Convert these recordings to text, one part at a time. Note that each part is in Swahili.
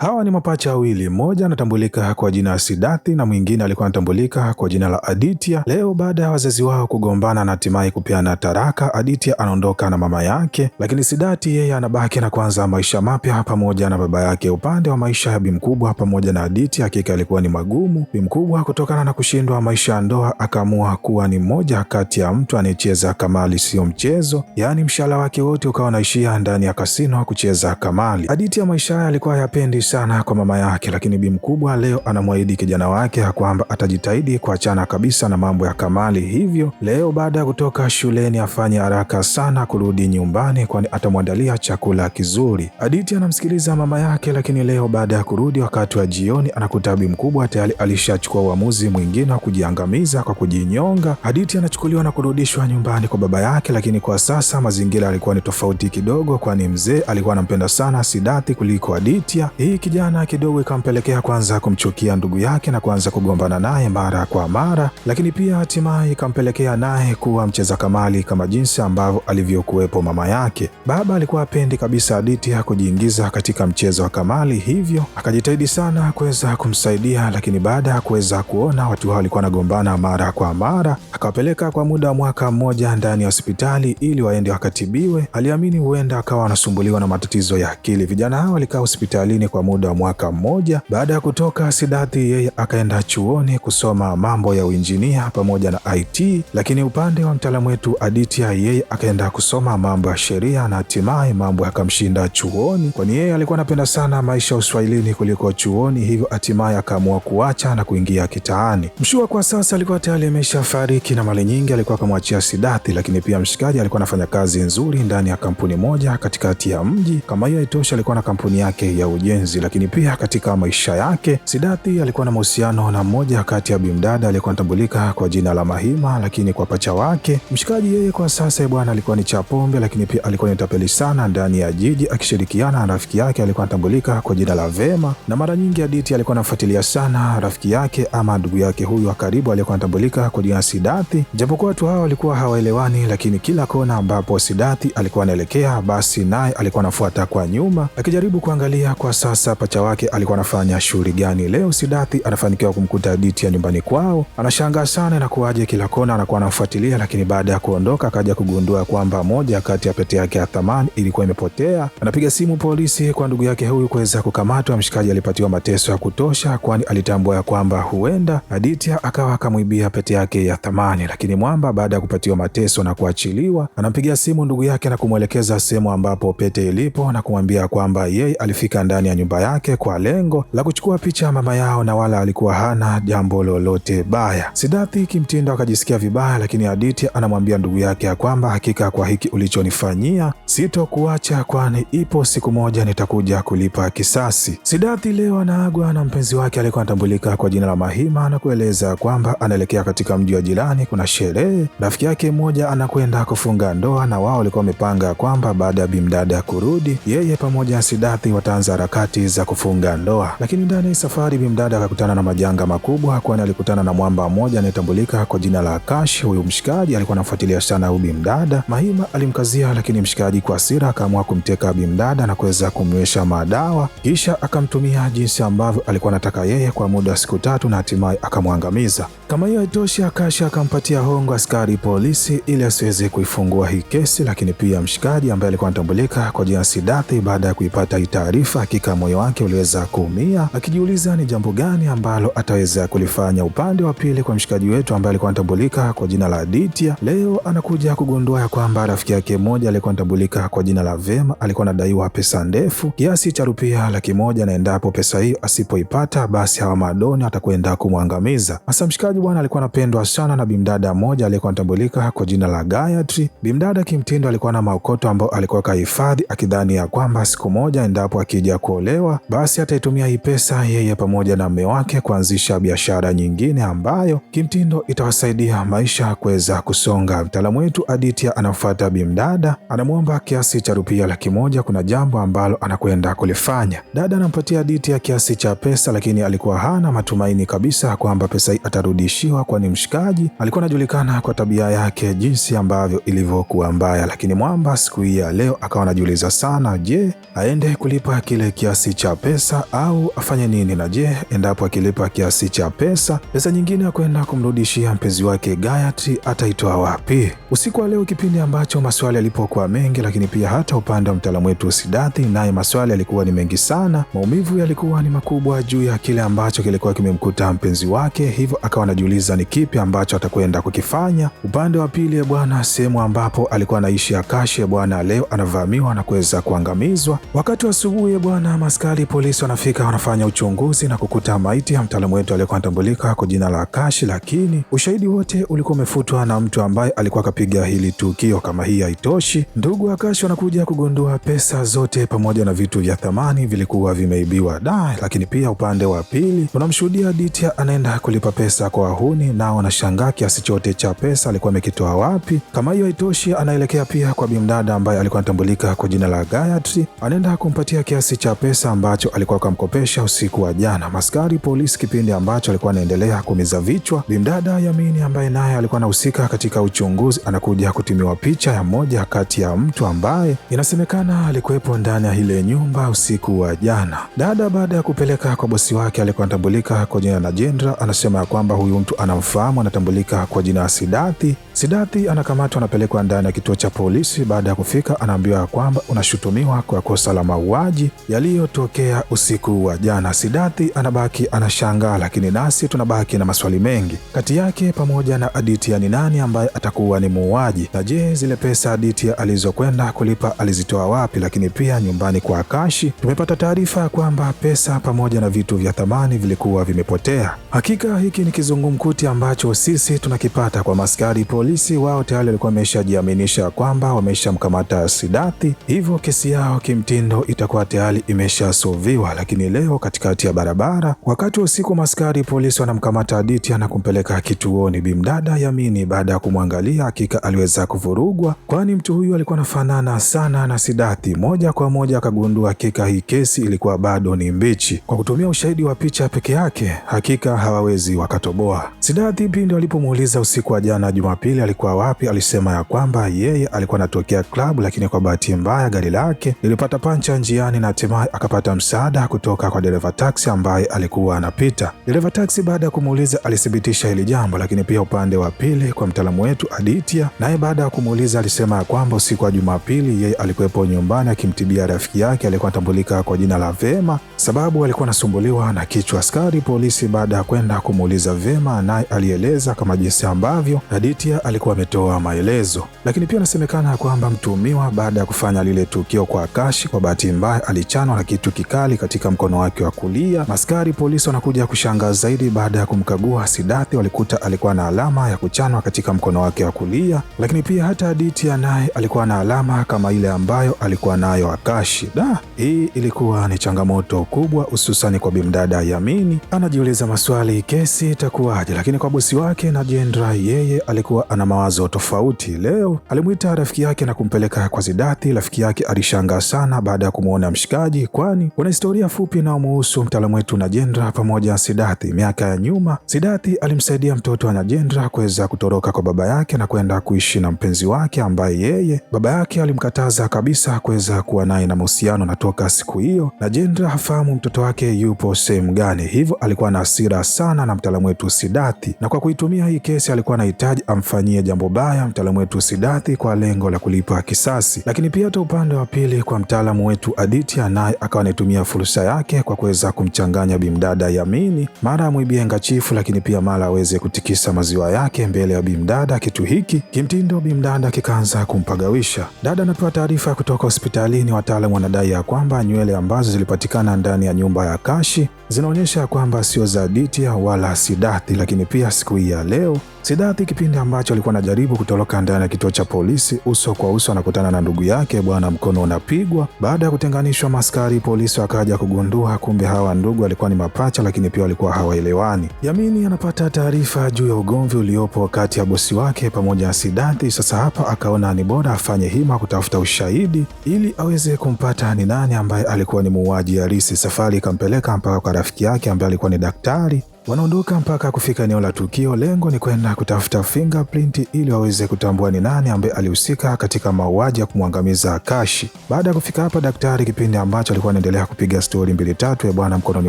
Hawa ni mapacha wawili, mmoja anatambulika kwa jina ya Sidathi na mwingine alikuwa anatambulika kwa jina la Aditya. Leo baada ya wazazi wao kugombana na hatimaye kupeana taraka, Aditya anaondoka na mama yake, lakini Sidathi yeye anabaki na kuanza maisha mapya pamoja na baba yake. Upande wa maisha ya Bimkubwa pamoja na Aditya hakika alikuwa ni magumu. Bimkubwa kutokana na kushindwa maisha ya ndoa akaamua kuwa ni mmoja kati ya mtu anayecheza kamali siyo mchezo, yaani mshahara wake wote ukawa unaishia ndani ya kasino kucheza kamali. Aditya maisha haya alikuwa yapendi sana kwa mama yake, lakini bi mkubwa leo anamwahidi kijana wake kwamba atajitahidi kuachana kabisa na mambo ya Kamali. Hivyo leo baada ya kutoka shuleni afanye haraka sana kurudi nyumbani, kwani atamwandalia chakula kizuri. Aditi anamsikiliza mama yake, lakini leo baada ya kurudi wakati wa jioni anakuta bi mkubwa tayari alishachukua uamuzi mwingine wa kujiangamiza kwa kujinyonga. Aditi anachukuliwa na kurudishwa nyumbani kwa baba yake, lakini kwa sasa mazingira yalikuwa ni tofauti kidogo, kwani mzee alikuwa anampenda sana Sidathi kuliko Aditya. Hii hii kijana kidogo ikampelekea kwanza kumchukia ndugu yake na kuanza kugombana naye mara kwa mara, lakini pia hatimaye ikampelekea naye kuwa mcheza kamali kama jinsi ambavyo alivyokuwepo mama yake. Baba alikuwa apendi kabisa Aditya kujiingiza katika mchezo wa kamali, hivyo akajitahidi sana kuweza kumsaidia, lakini baada ya kuweza kuona watu hao walikuwa wanagombana mara kwa mara, akawapeleka kwa muda wa mwaka mmoja ndani ya hospitali ili waende wakatibiwe. Aliamini huenda akawa anasumbuliwa na matatizo ya akili. Vijana hao walikaa hospitalini kwa muda wa mwaka mmoja. Baada ya kutoka sidathi yeye akaenda chuoni kusoma mambo ya uinjinia pamoja na IT, lakini upande wa mtaalamu wetu Aditya, yeye akaenda kusoma mambo ya sheria na hatimaye mambo yakamshinda chuoni, kwani yeye alikuwa anapenda sana maisha ya uswahilini kuliko chuoni, hivyo hatimaye akaamua kuacha na kuingia kitaani. Mshua kwa sasa alikuwa tayari amesha fariki na mali nyingi alikuwa akamwachia sidathi lakini pia mshikaji alikuwa anafanya kazi nzuri ndani ya kampuni moja katikati ya mji. Kama hiyo haitosha, alikuwa na kampuni yake ya ujenzi mapenzi, lakini pia katika maisha yake Sidathi alikuwa na mahusiano na mmoja kati ya bimdada aliyekuwa anatambulika kwa jina la Mahima, lakini kwa pacha wake mshikaji yeye kwa sasa bwana alikuwa ni Chapombe, lakini pia alikuwa ni tapeli sana ndani ya jiji akishirikiana na rafiki yake alikuwa anatambulika kwa jina la Vema, na mara nyingi Aditi alikuwa anafuatilia sana rafiki yake ama ndugu yake huyu wa karibu aliyekuwa anatambulika kwa jina la Sidathi. Japokuwa watu hao walikuwa hawaelewani, lakini kila kona ambapo Sidathi alikuwa anaelekea, basi naye alikuwa anafuata kwa nyuma akijaribu kuangalia kwa sasa kabisa pacha wake alikuwa anafanya shughuli gani. Leo Sidathi anafanikiwa kumkuta ya nyumbani kwao, anashangaa sana na kuwaje kila kona anakuwa anamfuatilia, lakini baada ya kuondoka akaja kugundua kwamba moja kati ya pete yake ya thamani ilikuwa imepotea. Anapiga simu polisi kwa ndugu yake huyu kuweza kukamatwa. Mshikaji alipatiwa mateso ya kutosha, kwani alitambua ya kwamba huenda Aditya akawa akamwibia pete yake ya thamani, lakini mwamba baada ya kupatiwa mateso na kuachiliwa, anampigia simu ndugu yake na kumwelekeza sehemu ambapo pete ilipo na kumwambia kwamba yeye alifika ndani ya nyumba nyumba yake kwa lengo la kuchukua picha ya mama yao, na wala alikuwa hana jambo lolote baya. Sidathi kimtindo akajisikia vibaya, lakini aditi anamwambia ndugu yake ya kwamba hakika kwa hiki ulichonifanyia sitokuacha, kwani ipo siku moja nitakuja kulipa kisasi. Sidathi leo anaagwa na mpenzi wake aliyekuwa anatambulika kwa jina la Mahima na kueleza kwamba anaelekea katika mji wa jirani, kuna sherehe. Rafiki yake mmoja anakwenda kufunga ndoa, na wao walikuwa wamepanga kwamba baada ya bimdada kurudi, yeye pamoja na Sidathi wataanza harakati za kufunga ndoa, lakini ndani ya safari bimdada akakutana na majanga makubwa, kwani alikutana na mwamba mmoja anayetambulika kwa jina la Akash. Huyu mshikaji alikuwa anafuatilia sana huyu bimdada. Mahima alimkazia, lakini mshikaji kwa hasira akaamua kumteka bimdada na kuweza kumnywesha madawa, kisha akamtumia jinsi ambavyo alikuwa anataka yeye kwa muda wa siku tatu, na hatimaye akamwangamiza. Kama hiyo haitoshi, Akash akampatia hongo askari polisi ili asiweze kuifungua hii kesi, lakini pia mshikaji ambaye alikuwa anatambulika kwa jina Sidathi, baada ya kuipata hii taarifa, hakika moyo wake uliweza kuumia, akijiuliza ni jambo gani ambalo ataweza kulifanya. Upande wa pili kwa mshikaji wetu ambaye alikuwa anatambulika kwa jina la Aditya, leo anakuja kugundua ya kwamba rafiki yake mmoja alikuwa anatambulika kwa jina la Vema alikuwa anadaiwa pesa ndefu kiasi cha rupia laki moja, na endapo pesa hiyo asipoipata basi hawa madoni atakwenda kumwangamiza. Hasa mshikaji bwana alikuwa anapendwa sana na bimdada mmoja aliyekuwa anatambulika kwa jina la Gayatri. Bimdada kimtindo alikuwa na maokoto ambao alikuwa kahifadhi akidhani ya kwamba siku moja endapo akija kuolewa kuolewa, basi ataitumia hii pesa yeye pamoja na mume wake kuanzisha biashara nyingine ambayo kimtindo itawasaidia maisha kuweza kusonga. Mtaalamu wetu Aditya anamfuata bimdada, anamwomba kiasi cha rupia laki moja, kuna jambo ambalo anakwenda kulifanya. Dada anampatia Aditya kiasi cha pesa, lakini alikuwa hana matumaini kabisa kwamba pesa hii atarudishiwa, kwani mshikaji alikuwa anajulikana kwa tabia yake jinsi ambavyo ilivyokuwa mbaya. Lakini mwamba siku hii ya leo akawa anajiuliza sana, je, aende kulipa kile kiasi kiasi cha pesa au afanye nini, na je, endapo akilipa kiasi cha pesa, pesa nyingine ya kwenda kumrudishia mpenzi wake Gayatri ataitoa wapi? Usiku wa leo, kipindi ambacho maswali yalipokuwa mengi, lakini pia hata upande wa mtaalamu wetu Sidathi naye maswali yalikuwa ni mengi sana, maumivu yalikuwa ni makubwa juu ya kile ambacho kilikuwa kimemkuta mpenzi wake, hivyo akawa anajiuliza ni kipi ambacho atakwenda kukifanya. Upande wa pili, bwana, sehemu ambapo alikuwa anaishi Akashi bwana, leo anavamiwa na kuweza kuangamizwa. Wakati wa asubuhi bwana Askari polisi wanafika wanafanya uchunguzi na kukuta maiti ya mtaalamu wetu aliyekuwa anatambulika kwa jina la Kashi, lakini ushahidi wote ulikuwa umefutwa na mtu ambaye alikuwa akapiga hili tukio. Kama hii haitoshi, ndugu wa Kashi wanakuja kugundua pesa zote pamoja na vitu vya thamani vilikuwa vimeibiwa da. Lakini pia upande wa pili unamshuhudia Ditya anaenda kulipa pesa kwa wahuni, nao wanashangaa kiasi chote cha pesa alikuwa amekitoa wapi. Kama hiyo haitoshi, anaelekea pia kwa bimdada ambaye alikuwa anatambulika kwa jina la Gayatri, anaenda kumpatia kiasi cha pesa pesa ambacho alikuwa kamkopesha usiku wa jana maskari polisi, kipindi ambacho alikuwa anaendelea kumiza vichwa. Bimdada Yamini ambaye naye alikuwa anahusika katika uchunguzi anakuja kutimiwa picha ya mmoja kati ya mtu ambaye inasemekana alikuwepo ndani ya ile nyumba usiku wa jana. Dada baada ya kupeleka kwa bosi wake alikuwa anatambulika kwa jina la Jendra, anasema ya kwamba huyu mtu anamfahamu, anatambulika kwa jina ya Sidathi Sidathi anakamatwa anapelekwa ndani ya kituo cha polisi. Baada ya kufika, anaambiwa kwamba unashutumiwa kwa kosa la mauaji yaliyotokea usiku wa jana. Sidathi anabaki anashangaa, lakini nasi tunabaki na maswali mengi, kati yake pamoja na Aditya ni nani ambaye atakuwa ni muuaji, na je, zile pesa Aditya alizokwenda kulipa alizitoa wapi? Lakini pia nyumbani kwa Akashi tumepata taarifa ya kwamba pesa pamoja na vitu vya thamani vilikuwa vimepotea. Hakika hiki ni kizungumkuti ambacho sisi tunakipata kwa maskari polisi Polisi wao tayari walikuwa wameshajiaminisha kwamba wameshamkamata Sidathi, hivyo kesi yao kimtindo itakuwa tayari imeshasoviwa. Lakini leo katikati ya barabara, wakati wa usiku, maskari polisi wanamkamata Aditya na kumpeleka kituoni. Bimdada Yamini baada ya kumwangalia, hakika aliweza kuvurugwa, kwani mtu huyu alikuwa anafanana sana na Sidathi. Moja kwa moja akagundua hakika hii kesi ilikuwa bado ni mbichi. Kwa kutumia ushahidi wa picha peke yake, hakika hawawezi wakatoboa Sidathi. Pindi walipomuuliza usiku wa jana Jumapili Ismail alikuwa wapi, alisema ya kwamba yeye alikuwa anatokea klabu, lakini kwa bahati mbaya gari lake lilipata pancha njiani na hatimaye akapata msaada kutoka kwa dereva taksi ambaye alikuwa anapita. Dereva taksi baada ya kumuuliza alithibitisha hili jambo, lakini pia upande wa pili kwa mtaalamu wetu Aditya, naye baada ya kumuuliza alisema ya kwamba usiku wa Jumapili yeye alikuwepo nyumbani akimtibia rafiki yake alikuwa anatambulika kwa jina la Vema, sababu alikuwa anasumbuliwa na kichwa. Askari polisi baada ya kwenda kumuuliza Vema, naye alieleza kama jinsi ambavyo Aditya alikuwa ametoa maelezo, lakini pia inasemekana kwamba mtuhumiwa baada ya kufanya lile tukio kwa Akashi, kwa bahati mbaya alichanwa na kitu kikali katika mkono wake wa kulia. Maskari polisi wanakuja kushangaa zaidi baada ya kumkagua Sidathi, walikuta alikuwa na alama ya kuchanwa katika mkono wake wa kulia, lakini pia hata Aditya naye alikuwa na alama kama ile ambayo alikuwa nayo Akashi. Da, hii ilikuwa ni changamoto kubwa, hususani kwa bimdada Yamini. Anajiuliza maswali, kesi itakuwaje? Lakini kwa bosi wake Najendra, yeye alikuwa na mawazo tofauti. Leo alimwita rafiki yake na kumpeleka kwa Zidati. Rafiki yake alishangaa sana baada ya kumwona mshikaji, kwani kuna historia fupi inayomuhusu mtaalamu wetu Najendra pamoja na Siddharth. Miaka ya nyuma, sidathi alimsaidia mtoto wa Najendra kuweza kutoroka kwa baba yake na kwenda kuishi na mpenzi wake ambaye yeye baba yake alimkataza kabisa kuweza kuwa naye na mahusiano, na toka siku hiyo Najendra hafahamu mtoto wake yupo sehemu gani, hivyo alikuwa na hasira sana na mtaalamu wetu sidathi na kwa kuitumia hii kesi alikuwa anahitaji amfanyie kumfanyia jambo baya mtaalamu wetu Sidathi kwa lengo la kulipa kisasi, lakini pia hata upande wa pili kwa mtaalamu wetu Aditya, naye akawa anaitumia fursa yake kwa kuweza kumchanganya bimdada Yamini, mara amwibie ngachifu, lakini pia mara aweze kutikisa maziwa yake mbele ya bimdada. Kitu hiki kimtindo bimdada kikaanza kumpagawisha. Dada anapewa taarifa kutoka hospitalini, wataalamu wanadai ya kwamba nywele ambazo zilipatikana ndani ya nyumba ya Kashi zinaonyesha kwamba sio za Aditya wala Sidathi, lakini pia siku hii ya leo Sidathi kipindi ambacho alikuwa anajaribu kutoroka ndani ya kituo cha polisi, uso kwa uso anakutana na ndugu yake bwana, mkono unapigwa. Baada ya kutenganishwa maskari polisi wakaja kugundua kumbe hawa ndugu walikuwa ni mapacha, lakini pia walikuwa hawaelewani. Yamini anapata taarifa juu ya ugomvi uliopo kati ya bosi wake pamoja na Sidathi. Sasa hapa akaona ni bora afanye hima kutafuta ushahidi ili aweze kumpata ni nani ambaye alikuwa ni muuaji halisi. Safari ikampeleka mpaka kwa rafiki yake ambaye alikuwa ni daktari Wanaondoka mpaka kufika eneo la tukio. Lengo ni kwenda kutafuta fingerprint ili waweze kutambua ni nani ambaye alihusika katika mauaji ya kumwangamiza Kashi. Baada ya kufika hapa, daktari kipindi ambacho alikuwa anaendelea kupiga stori mbili tatu bwana mkononi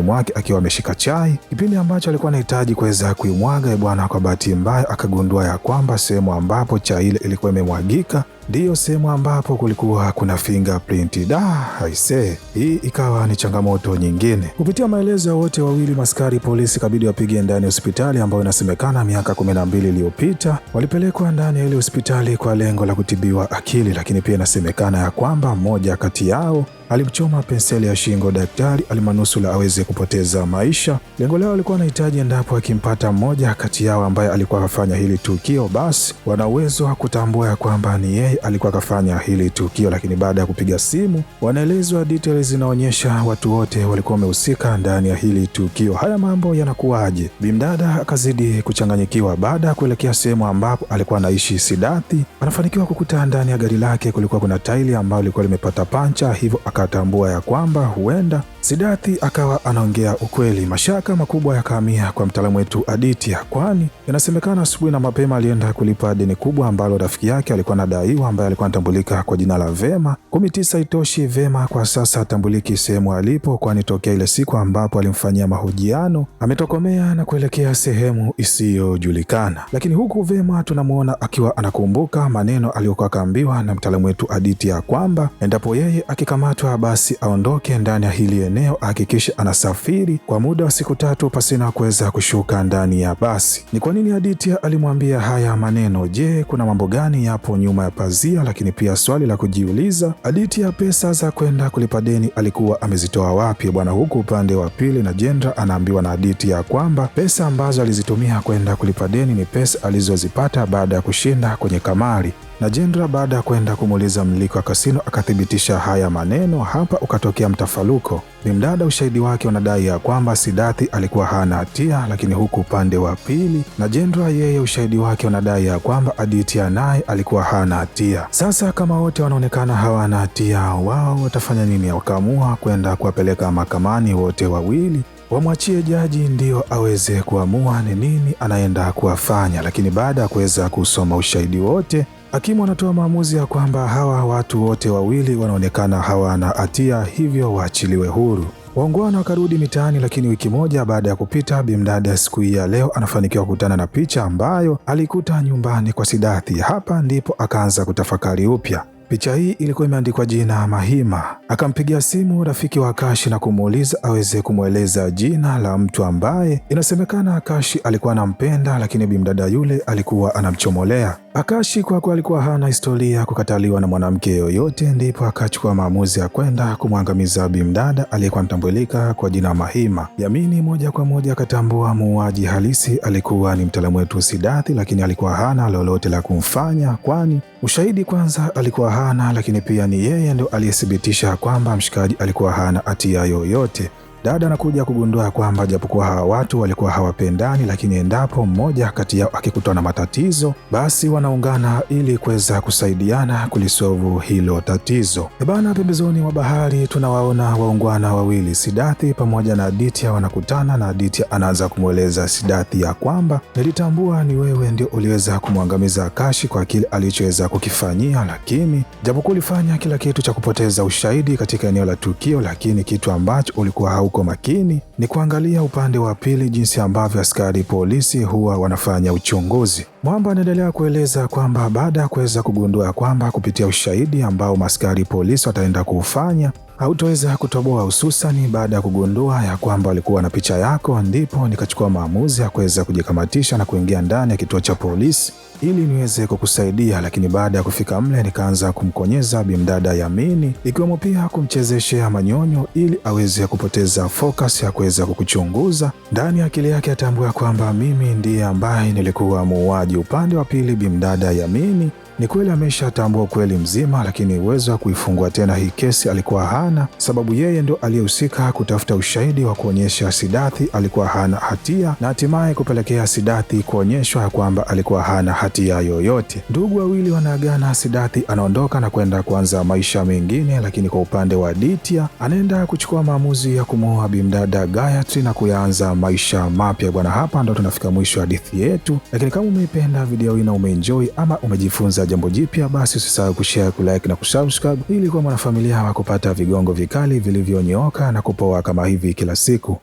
mwake akiwa ameshika chai, kipindi ambacho alikuwa anahitaji kuweza kuimwaga bwana, kwa bahati mbaya akagundua ya kwamba sehemu ambapo chai ile ilikuwa imemwagika ndiyo sehemu ambapo kulikuwa kuna fingerprint. Da aise, hii ikawa ni changamoto nyingine. Kupitia maelezo ya wote wawili, maskari polisi kabidi wapige ndani ya hospitali ambayo inasemekana miaka 12 iliyopita walipelekwa ndani ya ile hospitali kwa lengo la kutibiwa akili, lakini pia inasemekana ya kwamba mmoja kati yao Alimchoma penseli ya shingo daktari alimanusula aweze kupoteza maisha. Lengo lao alikuwa anahitaji, endapo akimpata mmoja kati yao ambaye alikuwa akafanya hili tukio, basi wana uwezo wa kutambua ya kwamba ni yeye alikuwa akafanya hili tukio. Lakini baada ya kupiga simu, wanaelezwa details zinaonyesha watu wote walikuwa wamehusika ndani ya hili tukio. Haya mambo yanakuwaje? Bimdada akazidi kuchanganyikiwa. Baada ya kuelekea sehemu ambapo alikuwa anaishi Sidathi, anafanikiwa kukuta ndani ya gari lake kulikuwa kuna taili ambayo lilikuwa limepata pancha, hivyo akatambua ya kwamba huenda Sidathi akawa anaongea ukweli. Mashaka makubwa yakahamia kwa mtaalamu wetu Aditya, kwani inasemekana asubuhi na mapema alienda kulipa deni kubwa ambalo rafiki yake alikuwa anadaiwa, ambaye alikuwa anatambulika kwa jina la Vema kumi tisa. Itoshi, Vema kwa sasa atambuliki sehemu alipo, kwani tokea ile siku ambapo alimfanyia mahojiano ametokomea na kuelekea sehemu isiyojulikana. Lakini huku Vema tunamwona akiwa anakumbuka maneno aliyokuwa akaambiwa na mtaalamu wetu Aditya kwamba endapo yeye akikamatwa inafaa basi aondoke ndani ya hili eneo, ahakikishe anasafiri kwa muda wa siku tatu pasina kuweza kushuka ndani ya basi. Ni kwa nini Aditya alimwambia haya maneno? Je, kuna mambo gani yapo nyuma ya pazia? Lakini pia swali la kujiuliza, Aditya pesa za kwenda kulipa deni alikuwa amezitoa wapi bwana? Huku upande wa pili na Jendra anaambiwa na Aditya kwamba pesa ambazo alizitumia kwenda kulipa deni ni pesa alizozipata baada ya kushinda kwenye kamari. Najendra baada ya kwenda kumuuliza mmiliki wa kasino akathibitisha haya maneno. Hapa ukatokea mtafaruko. Bimdada ushahidi wake unadai ya kwamba Sidathi alikuwa hana hatia, lakini huku upande wa pili Najendra yeye ushahidi wake unadai ya kwamba Aditya naye alikuwa hana hatia. Sasa kama wote wanaonekana hawana hatia, wao watafanya nini? Wakaamua kwenda kuwapeleka mahakamani wote wawili wamwachie jaji ndio aweze kuamua ni nini anaenda kuwafanya. Lakini baada ya kuweza kusoma ushahidi wote Hakimu anatoa maamuzi ya kwamba hawa watu wote wawili wanaonekana hawana hatia, hivyo waachiliwe huru. Waungwana wakarudi mitaani, lakini wiki moja baada ya kupita, Bimdada siku hii ya leo anafanikiwa kukutana na picha ambayo alikuta nyumbani kwa Sidathi. Hapa ndipo akaanza kutafakari upya. Picha hii ilikuwa imeandikwa jina Mahima. Akampigia simu rafiki wa Akashi na kumuuliza aweze kumweleza jina la mtu ambaye inasemekana Akashi alikuwa anampenda, lakini bimdada yule alikuwa anamchomolea Akashi. Kwa kuwa alikuwa hana historia kukataliwa na mwanamke yoyote, ndipo akachukua maamuzi ya kwenda kumwangamiza bimdada aliyekuwa anatambulika kwa jina Mahima. Yamini moja kwa moja akatambua muuaji halisi alikuwa ni mtaalamu wetu Sidathi, lakini alikuwa hana lolote la kumfanya, kwani ushahidi kwanza alikuwa hana, lakini pia ni yeye ndo aliyethibitisha kwamba mshikaji alikuwa hana hatia yoyote. Dada anakuja kugundua kwamba japokuwa hawa watu walikuwa hawapendani, lakini endapo mmoja kati yao akikutwa na matatizo, basi wanaungana ili kuweza kusaidiana kulisovu hilo tatizo. Ebana, pembezoni mwa bahari tunawaona waungwana wawili, Sidathi pamoja na Aditya wanakutana, na Aditya anaanza kumweleza Sidathi ya kwamba nilitambua ni wewe ndio uliweza kumwangamiza Akashi kwa kile alichoweza kukifanyia, lakini japokuwa ulifanya kila kitu cha kupoteza ushahidi katika eneo la tukio, lakini kitu ambacho ulikuwa uko makini ni kuangalia upande wa pili, jinsi ambavyo askari polisi huwa wanafanya uchunguzi. Mwamba anaendelea kueleza kwamba baada ya kuweza kugundua kwamba kupitia ushahidi ambao maskari polisi wataenda kuufanya hautoweza kutoboa, hususani baada ya kugundua ya kwamba walikuwa na picha yako. Ndipo nikachukua maamuzi ya kuweza kujikamatisha na kuingia ndani ya kituo cha polisi ili niweze kukusaidia, lakini baada ya kufika mle nikaanza kumkonyeza bimdada Yamini, ikiwemo pia kumchezeshea manyonyo ili aweze kupoteza focus ya kuweza kukuchunguza. Ndani ya akili yake atambua kwamba mimi ndiye ambaye nilikuwa muuaji. Upande wa pili, bimdada Yamini ni kweli ameshatambua ukweli mzima, lakini uwezo wa kuifungua tena hii kesi alikuwa hana, sababu yeye ndo aliyehusika kutafuta ushahidi wa kuonyesha Sidathi alikuwa hana hatia na hatimaye kupelekea Sidathi kuonyeshwa kwamba alikuwa hana hatia yoyote. Ndugu wawili wanaagana, Sidathi anaondoka na kwenda kuanza maisha mengine, lakini kwa upande wa Ditya anaenda kuchukua maamuzi ya kumwoa bimdada Gayatri na kuyaanza maisha mapya. Bwana, hapa ndo tunafika mwisho hadithi yetu, lakini kama umeipenda video hii na umeenjoy ama umejifunza jambo jipya, basi usisahau kushare, kulike na kusubscribe ili kuwa mwanafamilia wa kupata vigongo vikali vilivyonyooka na kupoa kama hivi kila siku.